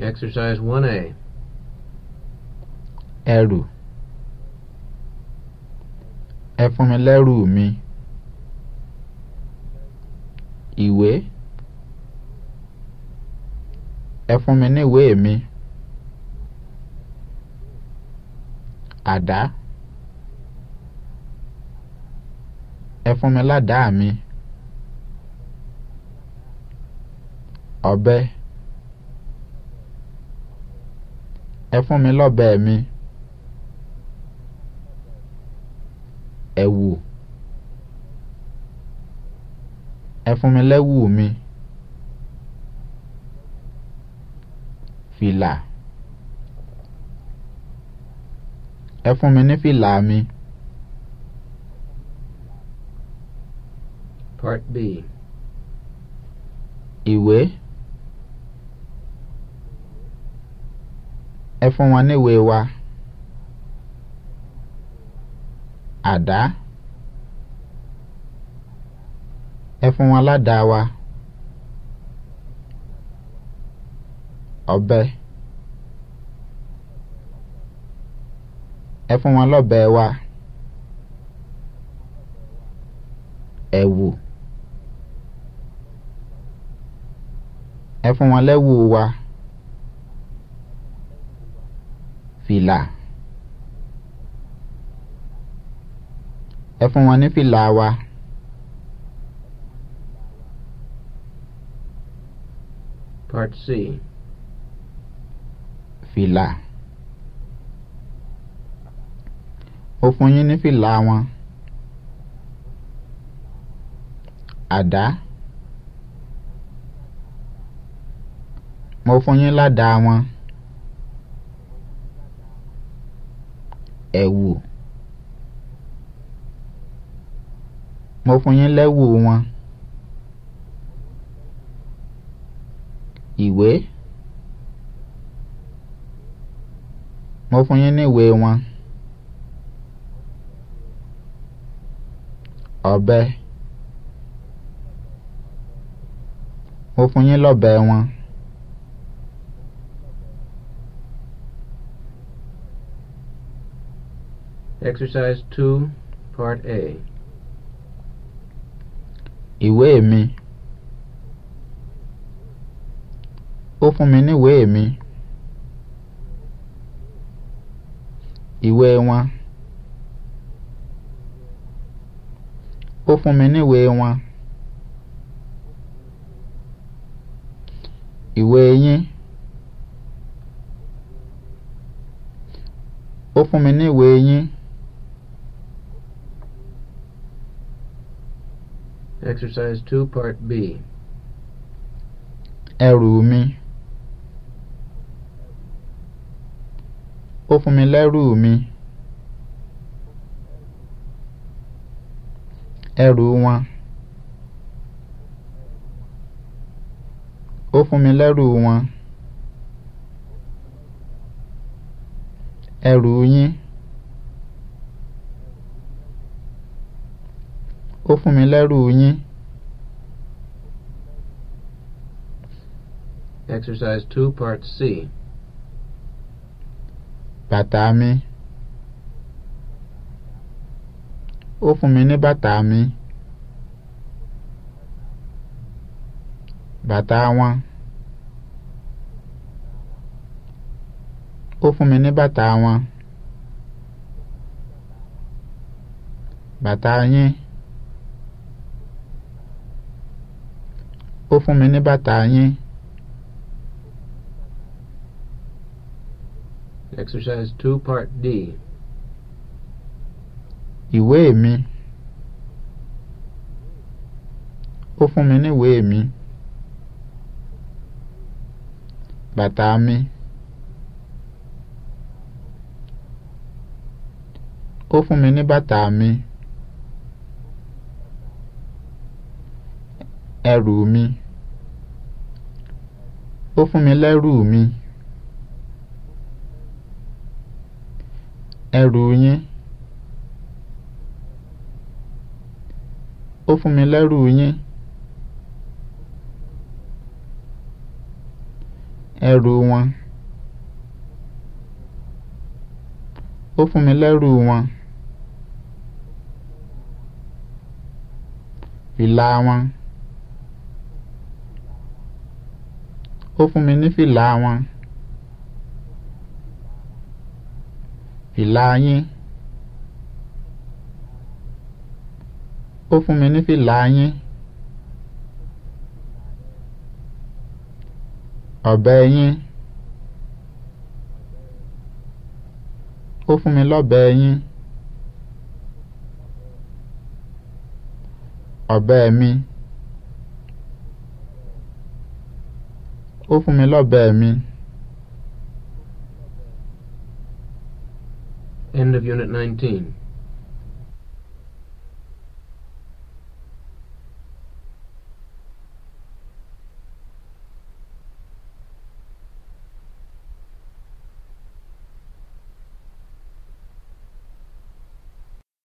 Exercise 1A. Ẹrù. Ẹ fún mi lẹ́rù mi. Ìwé. Ẹ fún mi ní ìwé mi. Àdá. Ẹ fún mi ládàá mi. Ọ̀bẹ. ẹ fún mi lọ́bẹ̀ mi ẹ̀wù ẹ fún mi lẹ́wù mi fìlà ẹ fún mi ní fìlà mi. Part B. Ìwé. ẹ fún wọn níwèé wa àdá ẹ fún la ládàá wa ọ̀bẹ ẹ fún wọn lọ́bẹ wa ẹ̀wù ẹ fún wọn lẹ́wù wa. E fìlà ẹ fún wọn ní fìlà wa. Part C. Fìlà. Ó fún yín ní fìlà wọn. Àdá. Mo fún yín ládàá wọn. ẹ̀wù mo fún yín lẹ́wù wọn ìwé mo fún yín ní wọn ọ̀bẹ mo fún yín lọ́bẹ wọn. Exercise 2, Part A. Ìwé mi. Ó fún mi níwèé mi. Ìwé wọn. Ó fún mi níwèé wọn. Ìwé yín. Ó fún mi níwèé yín. Exercise 2, Part B. Ẹrù mi. Ó fún mi lẹ́rù mi. Ẹrù wọn. Ó fún mi lẹ́rù wọn. Ẹrù yín. ó fún mi lẹ́rù yín. Exercise two, Part C. Bàtà mi. Ó fún mi ní bàtà mi. Bàtà wọn. Ó fún mi ní bàtà wọn. Bàtà yín. fún mi ní bàtà yín. Exercise two part D. Ìwé mi. Ó fún mi ní ìwé mi. Bàtà mi. Ó fún mi ní bàtà mi. Ẹrù mi ó fún mi lẹ́rù mi ẹrù yín ó fún mi lẹ́rù yín ẹrù wọn ó fún mi lẹ́rù wọn ìlà wọn. ó fún mi ní fìlà wọn fìlà yín ó fún mi ní fìlà yín ọ̀bẹ yín ó fún mi lọ́bẹ yín ọ̀bẹ mi. ó fún mi lọ́bẹ̀ mi. End of Unit nineteen.